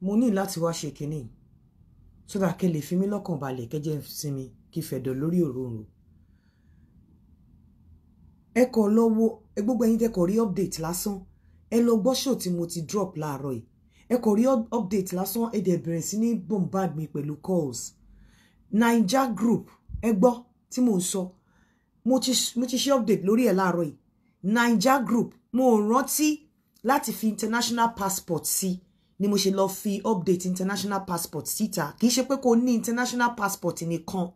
mo ní láti wá ṣe kínní sódà kẹ lè fi mí lọ́kàn balẹ̀ kẹjẹ́ sinmi kí fẹ̀dọ̀ lórí òróǹro ẹ kọ lọ wo ẹ gbogbo ẹ̀yin tẹkọ rí update lásán ẹ lọ gbọ́ show tí mo ti drop láàárọ̀ yìí ẹ kọ rí update lásán ẹ dẹ̀ bẹ̀rẹ̀ sí ní bombard mi pẹ̀lú calls naija group ẹ gbọ́ tí mo ń sọ mo ti ṣe update lórí ẹ̀ láàárọ̀ yìí naija group mo rántí láti fi international passport sí si ni mo ṣe lọ fi update international passport síta kì í ṣe pé kò ní international passport nìkan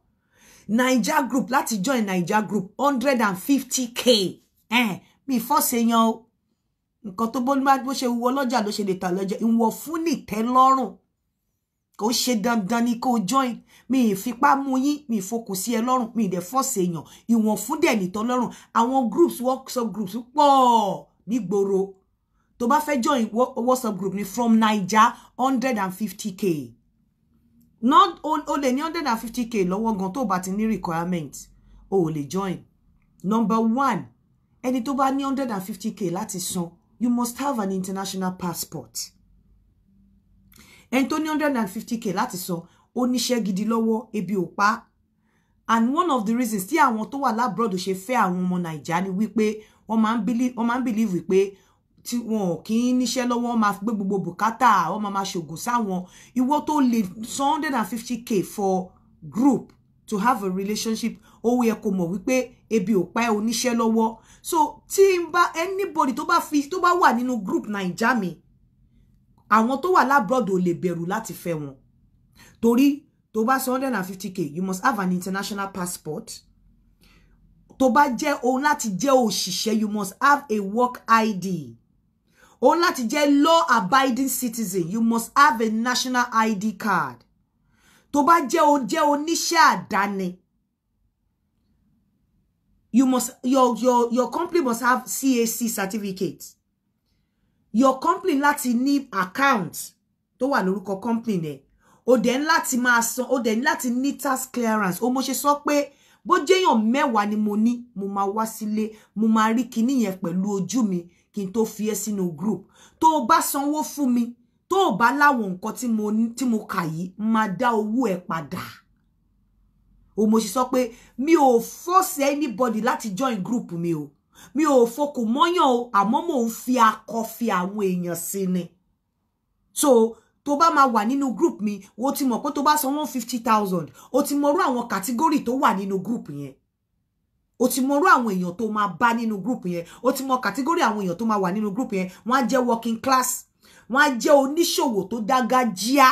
naija group láti join naija group hundred and fifty k mi fọ́ọ̀sì yan o nǹkan tó bó ṣe wọ ọlọ́jà ló ṣe lè tà lọ́jà ìwọ fún nìtẹ́lọ́rùn kò ṣe dandan ni kò join mi ìfipá mú yín mi ìfokùn sí ẹ lọ́rùn mi ìdẹ̀ fọ́ọ̀sì èèyàn ìwọ̀n fún dẹ̀ nìtọ́ lọ́rùn àwọn groups workshop groups pọ̀ nígboro To bá fẹ́ join WhatsApp group ni from Naija 150k not only lè 150k lọ́wọ́ gan tó bá ti ní requirement o ò join number one. ẹni tó bá ní 150k láti san you must have an international passport ẹni tó ní 150k láti san ó níṣẹ́ gidi lọ́wọ́ ebi ò pa and one of the reasons tí to tó wà lábroad ṣe fẹ́ àwọn ọmọ Naija ni wípé believe. máa ń believe wípé tí wọn ò kí ń níṣẹ́ lọ́wọ́ wọn máa gbé gbogbo bùkátà wọn máa máa ṣògùn sáwọn ìwọ tó lè one hundred and fifty k for group to have a relationship ó yẹ kó mọ̀ wípé ebi ò pa ẹ́ oníṣẹ́ lọ́wọ́ so tí n bá anybody tó bá fi tó bá wà nínú group naija mi àwọn tó wà lábroad ò lè bẹ̀rù láti fẹ́ wọn torí tó bá san hundred and fifty k you must have an international passport tó bá jẹ́ òun láti jẹ́ òṣìṣẹ́ you must have a work id òun láti jẹ́ law abiding citizen you must have a national id card tó bá jẹ́ o jẹ́ oníṣẹ́ àdáni you must your your your company must have CAC certificate your company láti ní account tó wà lórúkọ company ne ó dẹ̀ láti máa san ó dẹ̀ láti ní tax clearance ó mọ̀ ṣe sọ pé bó jẹ́yàn mẹ́wàá ni mo ní mo máa wá sílé mo máa rí kinní yẹn pẹ̀lú ojú mi kí n tó fi ẹ́ group To ba bá sanwó fún mi tó o bá láwọn nǹkan mo tí mo kà yìí máa dá owó ẹ padà o mo sì sọ pé mi ò force anybody lati join group mi o mi ò fokùn mọ́yàn o àmọ́ mò ń fi akọ fi àwọn èèyàn sí ni so to ba ma wà nínú group mi o ti mọ̀ pé tó bá san one fifty thousand o ti mọ̀rú àwọn kàtígórì tó wà nínú group yẹn o ti mọrú àwọn èèyàn tó máa bá nínú group yẹn o ti mọ kàtígórì àwọn èèyàn tó máa wà nínú group yẹn wọ́n á jẹ́ working class wọ́n á jẹ́ oníṣòwò tó dágájíá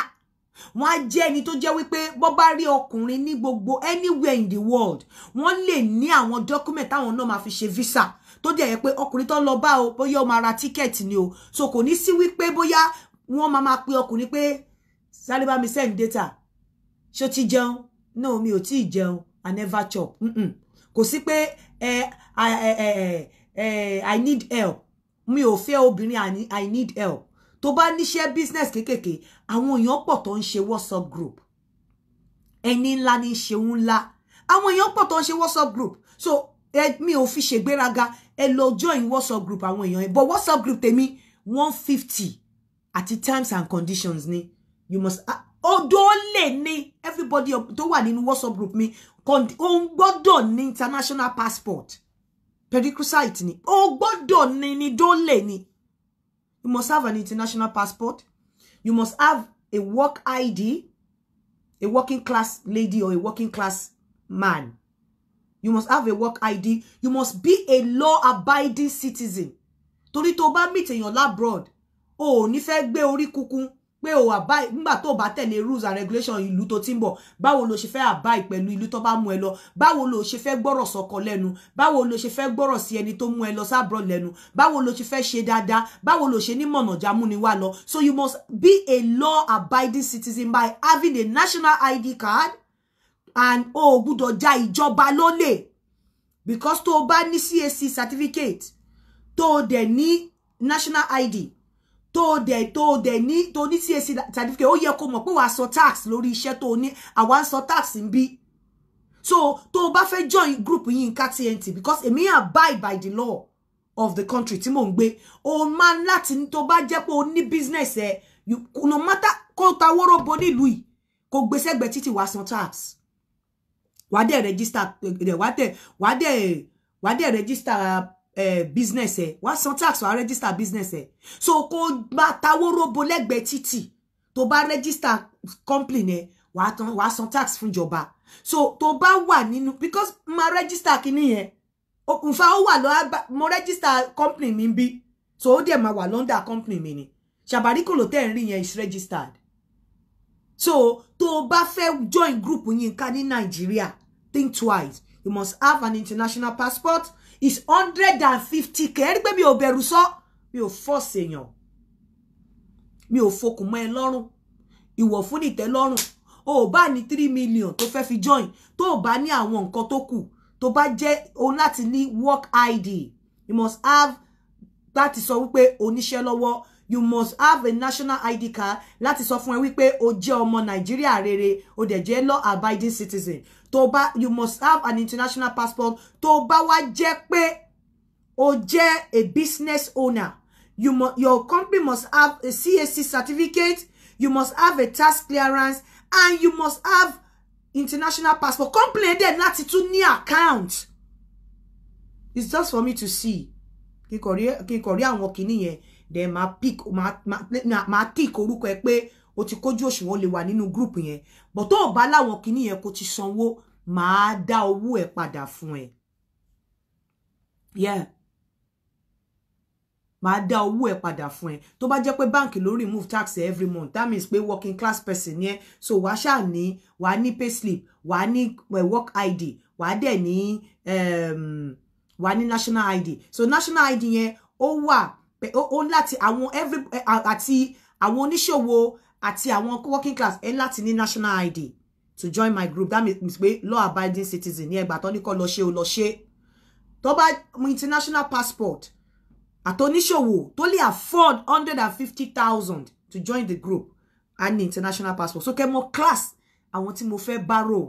wọ́n á jẹ́ ẹni tó jẹ́ wípé bọ́ bá rí ọkùnrin ní gbogbo anywhere in the world wọ́n lè ní àwọn document táwọn náà máa fi ṣe visa tó dẹ̀ yẹ pé ọkùnrin tó ń lọ bá o bóyá ó máa ra tíkẹ́ẹ̀tì ni o so kò ní sí wípé bóyá wọ́n máa máa pe ọkùnrin pé sáré bá send data ṣó ti jẹun no mi ò tí ì jẹun i never chop mm -mm kò sí pé i need help mi ò fẹ́ obìnrin i need help tó bá níṣẹ́ business kéékèèké àwọn èèyàn pọ̀ tó ń ṣe whatsapp group ẹni ńlá ní ṣeun ńlá àwọn èèyàn pọ̀ tó ń ṣe whatsapp group so eh, mi ò fi ṣègbéraga ẹ lọ join whatsapp group àwọn èèyàn yẹn but whatsapp group tèmi one fifty àti times and conditions ni you must ah, odò lè ní everybody tó wà nínú WhatsApp group mi òun gbọ́dọ̀ ní international passport pericosite ni ó gbọ́dọ̀ ní ní dólè ni you must have an international passport you must have a work ID a working class lady or a working class man you must have a work ID you must be a law abiding citizen torí tó bá meet èèyàn labroad o ò ní fẹ́ gbé orí kunkun pé o àbáì nígbà tó bá tẹ̀lé rules and regulations ìlú tó ti ń bọ̀ báwo lo ṣe fẹ́ àbáì pẹ̀lú ìlú tó bá mú ẹ lọ báwo lo ṣe fẹ́ gbọ́rọ̀ sọkọ lẹ́nu báwo lo ṣe fẹ́ gbọ́rọ̀ sí ẹni tó mú ẹ lọ sábrọ lẹ́nu báwo lo ṣe fẹ́ ṣe dáadáa báwo lo ṣe ní mọ̀nàjà múni wá lọ so you must be a law abiding citizen by having a national ID card and o oh, gbúdọ̀ já ìjọba lólè because tó o bá ní CAC certificate tó o dẹ̀ ní national ID tó dẹ̀ tó dẹ̀ ní tó ní CAC certificate ó yẹ kó mọ̀ pé wàá sọ tax lórí iṣẹ́ tó ní àwa ń sọ tax ń bí so tó o bá fẹ́ join group Yinka TNT because èmi abide by the law of the country tí mò ń gbé o máa ń láti tó bá jẹ́ pé o ní business ẹ̀ no matter kó ta wóró bo nílùú yìí kó gbé sẹ́gbẹ̀ títí wàá san tax wàá dẹ̀ register wàá dẹ̀ wàá dẹ̀ wàá dẹ̀ register Eh, business ẹ wàá san tax wàá register business ẹ so kó bá tawó robo lẹ́gbẹ̀ẹ́ títì tó bá register company ẹ wàá tan wàá san tax fún ìjọba so tó bá wà nínú because ma register kíní yẹn nfa ó wà lọ mo register company mi bí so ó dẹ̀ máa wà lọ́ndà company mi ni ṣàbáríkòlò tẹ́ ń rí yẹn is registered so tó o bá fẹ́ join group Yinka ní Nàìjíríà think twice you must have an international passport is hundred and fifty k ẹni pé mi ò bẹ̀rù sọ mi ò fọ́ọ̀sì èèyàn mi ò fokùn mọ́ ẹ lọ́rùn ìwọ̀ fún nìtẹ́lọ́rùn o ò bá ní three million tó fẹ́ fi join tó o bá ní àwọn nǹkan tó kù tó bá jẹ́ o láti ní work id you must have láti sọ wípé oníṣẹ́ lọ́wọ́ you must have a national id card láti sọ fún ẹ wípé o jẹ́ ọmọ nàìjíríà rere o dẹ̀ jẹ́ law abiding citizen tó bá you must have an international passport tó bá wá jẹ́ pé o jẹ́ a business owner you must, your company must have a CAC certificate you must have a tax clearance and you must have international passport company dẹ̀ láti tún ní account it's just for me to see kí n kò rí àwọn kìíní yẹn then máa pick ma tick orúkọ ẹ pé o ti kójú òṣùwọ̀n lè wà nínú group yẹn but tó o bá láwọn kinní yẹn ti sanwó máa dá owó ẹ padà fún ẹ yeah máa dá owó ẹ padà fún ẹ tó bá jẹ́ pé báǹkì ló remove tax every month that means pé working class person yẹn so wa wàá ṣáà ní wàá ní payslip wàá ní work id wa dẹ̀ ní um, wa ni national id so national id yẹn ó wà ó láti àwọn every eh, àti àwọn oníṣòwò àti àwọn working class ẹ láti ní national id to join my group that means pé law abiding citizen ní ẹgbàá tó ní kọ́ lọ ṣe ó lọ ṣe tó bá international passport àtọ́níṣòwò tó lè afford hundred and fifty thousand to join the group and international passport so kẹ́ mọ̀ class àwọn tí mo fẹ́ bárò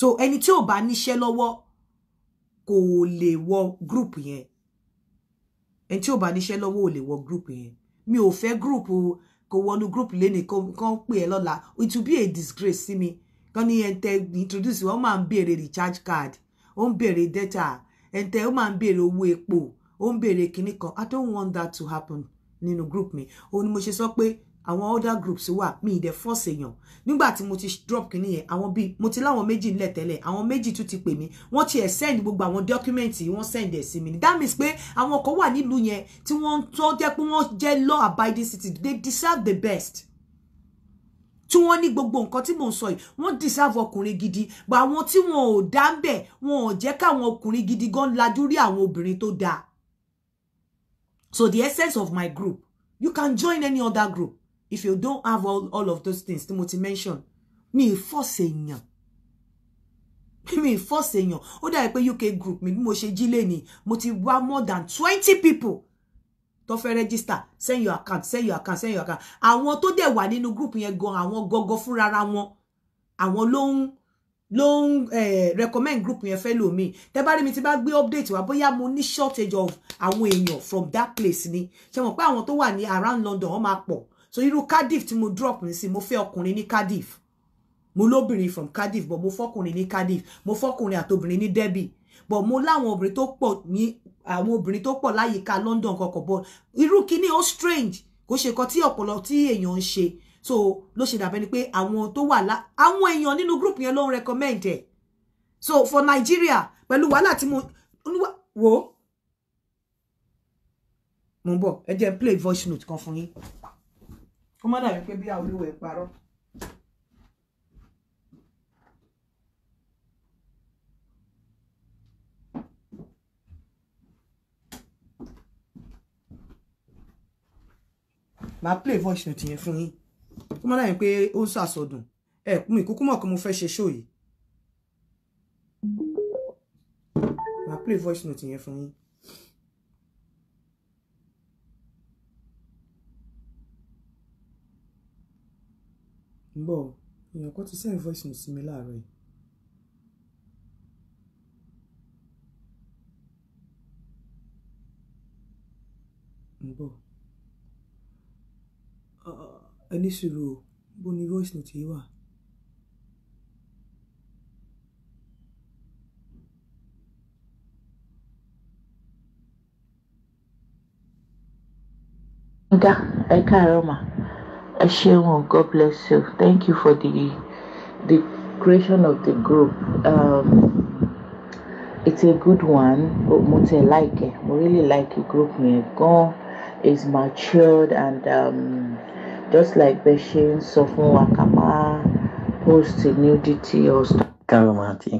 so ẹni tí ò bá níṣẹ́ lọ́wọ́ kò lè wọ group yẹn ẹni tí ò bá níṣẹ́ lọ́wọ́ ò lè wọ group yẹn mi ò fẹ́ group kò wọnú group lénìí kan pè ẹ́ lọ́la it will be a disgrace sí mi kan ní ẹni tẹ introduce wọn máa ń béèrè recharge card ó ń béèrè data ẹni tẹ ó máa ń béèrè owó epo ó ń béèrè kinní kan i don't want that to happen nínú group mi òun ni mo ṣe sọ pé àwọn other groups wà mi ì force èèyàn nígbà tí mo ti drop kìíní yẹn àwọn bíi mo ti láwọn méjì ńlẹ̀ tẹ́lẹ̀ àwọn méjì tún ti pè mí wọ́n ti ẹ̀ send gbogbo àwọn dọ́kúmẹ́ǹtì wọ́n send ẹ̀ sí mi ní that means pé àwọn kan wà nílùú yẹn tí wọ́n ń tọ́ jẹ́ pé wọ́n jẹ́ law abiding city they deserve the best tí wọ́n ní gbogbo nǹkan tí mò ń sọ yìí wọ́n deserve ọkùnrin gidi bá àwọn tí wọn ò dá ń bẹ̀ wọn ò jẹ́ káwọn ọkùnrin gidi gan lajú rí àwọn obìnrin tó dáa so the essence of my group you can join any other group if you don't have all, all of those things tí mo ti mention mi ì force èèyàn mi ì force èèyàn ó dàbí pé UK group me mo ṣe jí lẹ́nìí mo ti wá more than twenty people To fe register send your account send your account send your account àwọn tó dẹ̀ wà nínú group yẹn gan àwọn gọ́gọ́ fúnrara wọn àwọn ló ń ló ń eh, recommend group yẹn fẹ́ lòmí tẹ́ bá rí mi ti bá gbé update wá bóyá mo ní shortage of àwọn èèyàn from that place ni ṣe mọ̀ pé àwọn tó wà ní around London wọ́n máa pọ̀ so irú Cardiff tí mo drop ní sí mo fẹ́ ọkùnrin ní Cardiff mo lóbìnrin from Cardiff but mo fọkùnrin ní Cardiff mo fọkùnrin àtobìnrin ní Derby but mo láwọn obìnrin tó pọ̀ ní àwọn obìnrin tó pọ̀ láyìíká London kọ̀ọ̀kan but irú kíní ó strange kò ṣe kan tí ọpọlọ tí èèyàn ń ṣe so ló ṣe dàbẹ́ ni pé àwọn to. wà lá àwọn èèyàn nínú group yẹn ló recommend ẹ̀ so for Nigeria pẹ̀lú wàhálà tí mo wo mo ń bọ̀ ẹ play voice note kan fún yín má dàbí pé bí Olúwa ẹ̀ parọ́. màá play voice note yẹn fún yín kó má dàbí pé ó ń sàsọdùn ẹ mi kúkú mọ̀ pé mo fẹ́ ṣe show yìí màá play voice note yẹn fún yín. gbọ́ èèyàn kan ti send voice note sí mi láàárọ̀ yìí. ń bọ̀ ah, ẹni sùúrù o bó ni voice note yìí wà. Ọ̀gá, ẹ káàárọ̀ mà ẹ god bless you thank you for the the creation of the group um, it's a good one mo tẹ like it. mo really like the group yẹn gan it's matured and um, just like bẹ ṣe Wakama, sọ fún wa ká máa post nudity or stuff. káàrọ̀ máa ti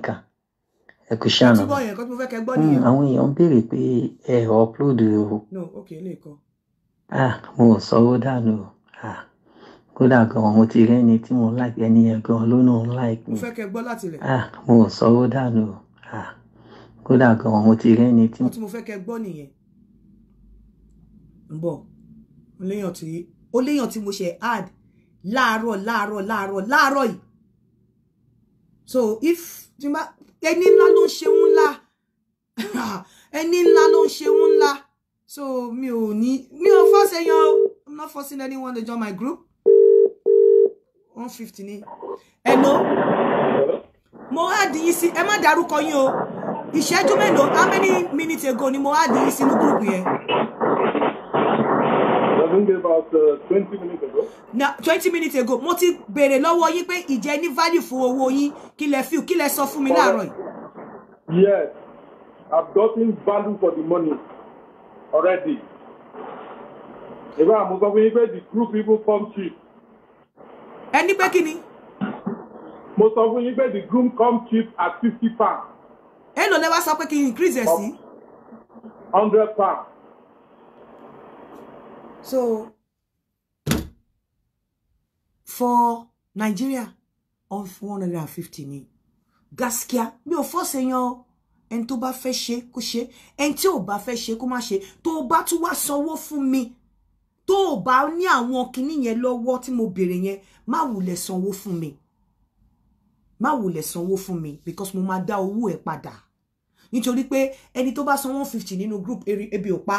ẹ kò ṣàánú hmm, àwọn èèyàn ń béèrè pé ẹ upload o. no ok lè ah mo sọ ó dànù ah kódà gan mo ti rí tí mo like ẹni yẹn gan ló náà like mi. mo fẹ́ kẹ́ gbọ́ láti rẹ̀. ah mo ò sọ́wọ́ dànù ah kódà gan mo ti rí ẹni tí. mo ti mo fẹ́ kẹ́ gbọ́ nìyẹn ń bọ̀ ó léèyàn tí ó léèyàn tí mo ṣe add láàárọ̀ láàárọ̀ láàárọ̀ láàárọ̀ yìí so if tí n bá ẹni ńlá ló ń ṣeun ńlá ẹni ńlá ló ń ṣeun ńlá so mi ò ní mi ò force i'm not forcing anyone to join my group one fifty ni ẹ̀nà mo add yín sí ẹ má dárúkọ yín o ìṣẹ́jú mélòó how many minutes ago ni mo add yín sínú group yẹn. About, 20 uh, minutes ago. Na 20 minutes ago mo ti béèrè lọ́wọ́ yín pé ìjẹ́ ní value fún owó yín kí lẹ fi kí lẹ sọ fún mi láàárọ̀ yìí. Yes, I've gotten value for the money already. Ìbá àmúgbọ́n fún yín pé the group people come cheap ẹni pé kí ni. mo sọ fún yín pé the groom come cheap at fifty pounds. èló lẹ wá sọ pé kí n increase ẹ sí. hundred pounds. so for Nigeria off one hundred and fifty ni Gaskia, mi ò fọ́ sẹ́yìn o ẹni tó bá fẹ́ ṣe kó ṣe ẹni tí ò bá fẹ́ ṣe kó má ṣe tó bá tún wá sanwó fún mi tó o bá ní àwọn kinní yẹn lọ́wọ́ tí mo béèrè yẹn má wulẹ̀ sanwó fún mi má wulẹ̀ sanwó fún mi because mo máa dá owó ẹ̀ padà nítorí pé ẹni tó bá san one fifty nínú group ebi ò pa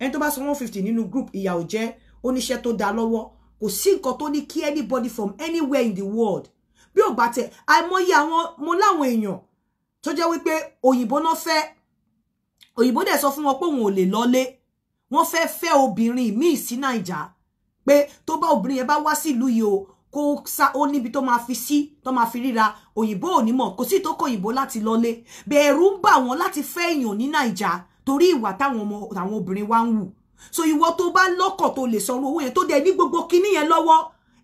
ẹni tó bá san one fifty nínú group ìyà ò jẹ oníṣẹ́ tó dá lọ́wọ́ kò sí nǹkan tó ní kí anybody from anywhere in the world bí ò bá tẹ àìmọye àwọn mo láwọn èèyàn tó jẹ́ wípé òyìnbó náà fẹ́ òyìnbó dẹ̀ sọ fún wọn pé òun ò lè lọlé wọ́n fẹ́ fẹ́ obìnrin míì sí naija pé tó bá obìnrin yẹn bá wá sílùú yìí o kó sá ó níbi tó máa fi sí tó máa fi ríra òyìnbó ò ní mọ̀ kò sí tó kọ òyìnbó láti lọlé bẹ̀rù ń bà wọ́n láti fẹ́ èèyàn ní naija torí ìwà táwọn ọmọ àwọn obìnrin wa ń wù so ìwọ tó bá lọ́kọ̀ tó lè sọ̀rọ̀ owó yẹn tó dẹ̀ ní gbogbo kinní yẹn lọ́wọ́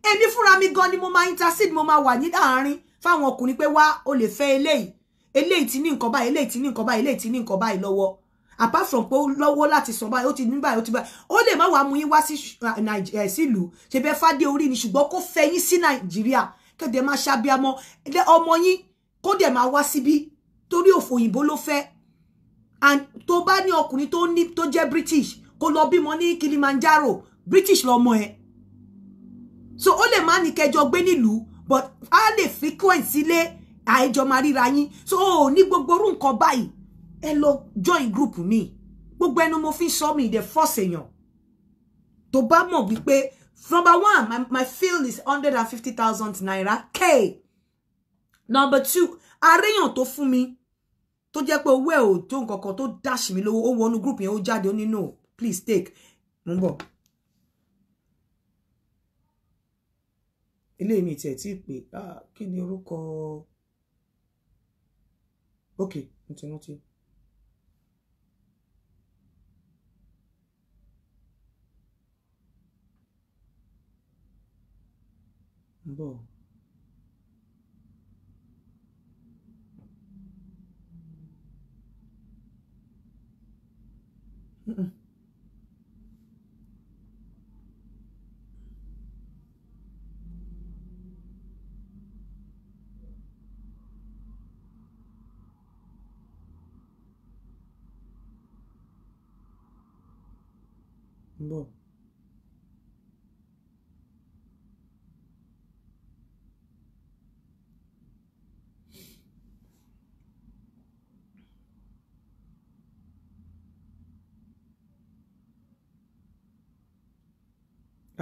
èmi fúnra mi gan ni mo máa intercede mo máa wà ní àárín fáwọn ọkùnrin pé wá o lè fẹ́ eléyìí eléyìí ti ní nǹkan báyìí eléyìí ti ní nǹkan báyìí eléyìí ti ní nǹkan báyìí lọ́wọ́ apart from pé ó lọ́wọ́ láti san báyìí ó ti ní báyìí ó ti báyìí ó lè má wàá mú yín wá eh, eh, sílùú ṣe bẹ́ẹ̀ fàdé orí ni ṣùgbọ́n kó fẹ́ yín sí nàìjíríà kéde máa ṣàbíamọ ọmọ yín kó dẹ̀ máa wá síbí torí òfò òyìnbó ló fẹ́ and tó bá ní ọkùnrin tó ní tó jẹ́ british kó lọ bímọ ní kilimanjaro british lọmọ ẹ so ó lè má ní kẹjọ gbé nílùú but a lè frequency lé àìjọ máa ríra yín so ó ní gbogbo orú nǹkan báyìí Hello, join group me. gbogbo ẹnu mo fi sọ mi ìdẹ force èèyàn tó bá mọ̀ wípé number one my, my field is hundred thousand naira k number two aréyàn tó fún mi To jẹ́ pé owó ẹ̀ ò tó nǹkan kan dash mi lówó ó wọnú group yẹn ó jáde ó ní please take mo ń bọ̀. ilé mi tiẹ̀ tí pè ah, kí ni orúkọ ok mo 정뭐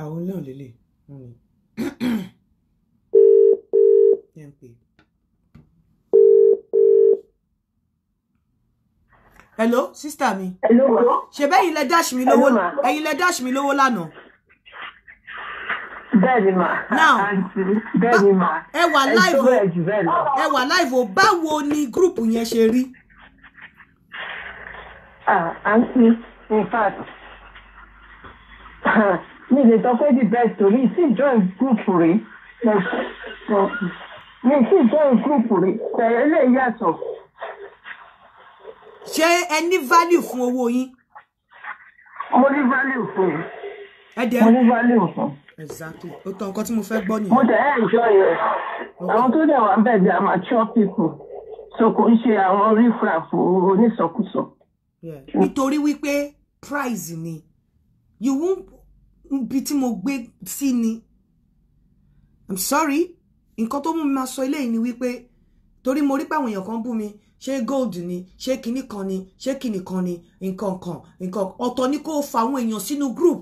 àwọn náà lélẹ̀ wọn ni ẹ̀ ń pè. hello sista mi ṣebí ẹ̀yin lẹ dash mi lówó ẹ̀yin lẹ dash mi lówó lánàá. Bẹ́ẹ̀ni mà. Now bẹ́ẹ̀ni mà. Ẹ wà live o. Ẹ wà live o. Báwo ni gúrùpù yẹn ṣe rí? Ah, aunty, in fact, mi lè sọ pé the best torí sí join group rẹ̀ mo sọ mi sì join group rẹ̀ tẹ̀lé lè yàtọ̀. ṣé ẹ ní value fún owó yín. mo ní value fún un. ẹ mo ní value fún un exactly ó tọ nǹkan tí mo fẹ́ gbọ́ nìyẹn. mo dẹ̀ ẹ́ enjoy ẹ̀ àwọn tó dẹ̀ wà bẹ́ẹ̀ dẹ̀ amateur people so kò ń ṣe àwọn onífrafo onísọkúsọ. nítorí wípé prize ni you won't ibi tí mo gbé sí ni i'm sorry nǹkan tó mú mi máa sọ ni wípé torí mo rí pé àwọn èèyàn kan bú mi ṣé gold ni ṣé kini kan ni ṣé kinní kan ni nǹkan kan nǹkan ọ̀tọ̀ ni kó fa àwọn èèyàn sínú group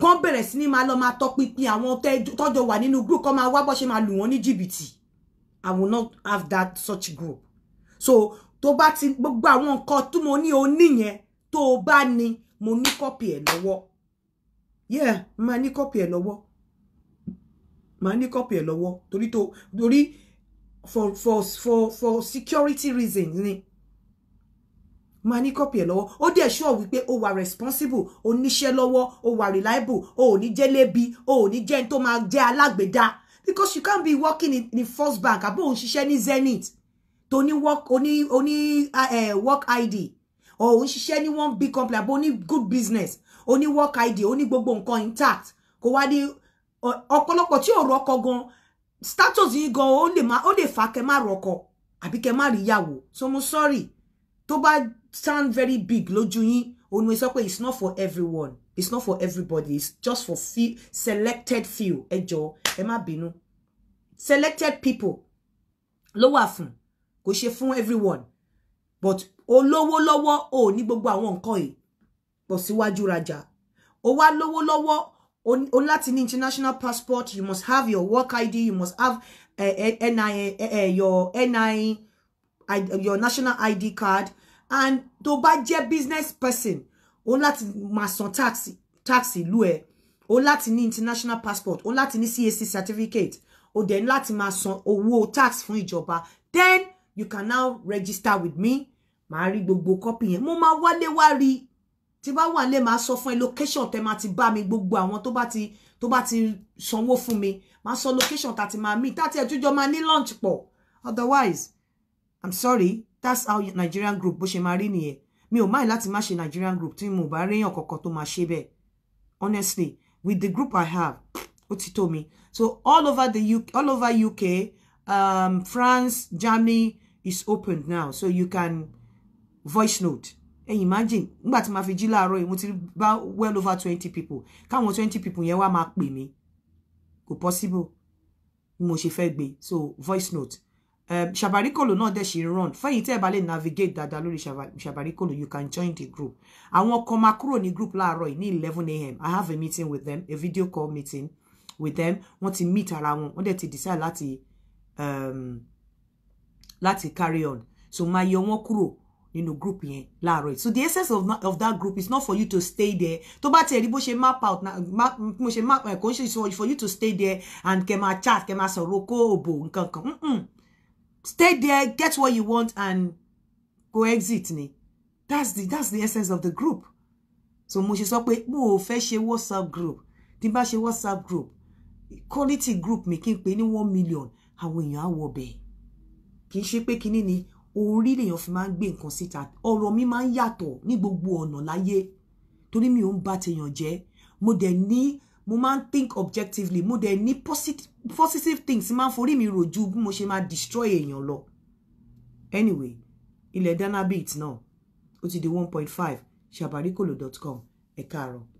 kan bẹ̀rẹ̀ sí ni máa lọ máa tọpinpin àwọn tọ́jọ wà nínú group kan máa wá bọ́ ṣe máa lù wọ́n ní jìbìtì i will not have that such group so tó bá ti gbogbo àwọn nǹkan tí mo ní o níyẹn tó o bá ní mo ní kọ́pì ẹ̀ lọ́wọ́ yeah máa ní kọ́pì ẹ̀ lọ́wọ́ máa ní kọ́pì ẹ̀ lọ́wọ́ torí tó torí for for for for security reasons ni máa ní kọ́pì ẹ̀ lọ́wọ́ ó dẹ̀ sure wípé ó wà responsible ó níṣẹ́ lọ́wọ́ ó wà reliable ó ò ní jẹ́ lébi ó ò ní jẹ́ tó máa jẹ́ alágbèdá because you can't be working in, in first bank àbó òun ṣiṣẹ́ ní zenith tó ní work oní oní uh, eh, uh, work id òun ṣiṣẹ́ ní one big company àbó ní good business ó ní work id ó ní gbogbo nǹkan intact kò wá ní ọ̀pọ̀lọpọ̀ tí ò rọ́kọ gan status yín gan ó lè má ó lè fà kẹ́ má rọ́kọ àbí kẹ́ má rí yàwó so mo sorry tó bá sound very big lójú yín ó ní sọ pé it's not for everyone it's not for everybody it's just for few selected few ẹ jọ̀ọ́ ẹ má bínú selected people ló wà fún kò ṣe fún everyone but olówó lọ́wọ́ ò ní gbogbo àwọn nǹkan yìí pọ̀ síwájú rajà ó wá lówó lọ́wọ́ o láti ní international passport you must have your work id you must have uh, eh, eh, NIN, uh, eh, your NIN your national id card and tó bá jẹ́ business person o láti máa san tax tax ìlú ẹ̀ o láti ní international passport o láti ní CAC certificate o dẹ̀ ní láti máa san owó tax fún ìjọba then you can now register with me màá rí gbogbo copy yẹn mo máa wálé wá rí tí bá wà lè máa sọ fún location tẹ máa ti bá mi gbogbo àwọn tó bá ti tó bá ti sanwó fún mi máa sọ location tá ti máa mi tá ti ẹtújọ máa ní lunch po otherwise i'm sorry that's how nigerian group bó ṣe máa rí nìyẹn mi ò máì láti má ṣe nigerian group tí mo bá réyàn kankan tó máa ṣe bẹ́ẹ̀ honestly with the group i have ó ti tó mi so all over the uk all over uk um, france germany is opened now so you can voice note ẹ̀yin imagine nígbà tí màá fi jí láàárọ̀ yìí mo ti bá well over twenty people káwọn twenty people yẹn wá máa pè mí kò possible bí mo ṣe fẹ́ gbé so voice note Um, ehm, ṣàbáríkòlò náà dẹ̀ ṣe run fẹ́yìn tẹ́ ẹ bá lè navigate dáadáa lórí ṣàbáríkòlò you can join the group àwọn kan máa kúrò ní group láàárọ̀ yìí ní eleven a.m. I have a meeting with them a video call meeting with them wọ́n ti meet ara wọn wọ́n dẹ̀ ti decide láti um, láti carry on so máa yọ wọ́n kúrò nínú group yẹn láàárọ̀ yìí so the essence of, of that group is not for you to stay there tó bá tiẹ̀ rí bó ṣe map out mo ṣe map eh, kò ń ṣe for you to stay there and kẹ́ máa chat kẹ́ máa sọ̀rọ̀ kó òbò nǹkan kan stay there get what you want and go exit ni that's the that's the essence of the group so mo ṣe sọ pé mo ò fẹ́ ṣe whatsapp group tí n bá ṣe whatsapp group quality group mi kí n pè ní one million àwọn èèyàn á wọ bẹ́ẹ̀ kì í ṣe pé kinní ni orí lèèyàn fi máa ń gbé nǹkan síta ọ̀rọ̀ mi máa ń yàtọ̀ ní gbogbo ọ̀nà láyé torí mi ò ń bà tèèyàn jẹ́ mo dẹ̀ ní mo máa ń think objectively mo dẹ̀ ní positive, positive things máa ń forí mi rojú bí mo ṣe máa destroy èèyàn lọ anyway ilẹ̀ danabit náà ó ti di one point five shabarikolo dot com ẹ̀ka àrọ̀.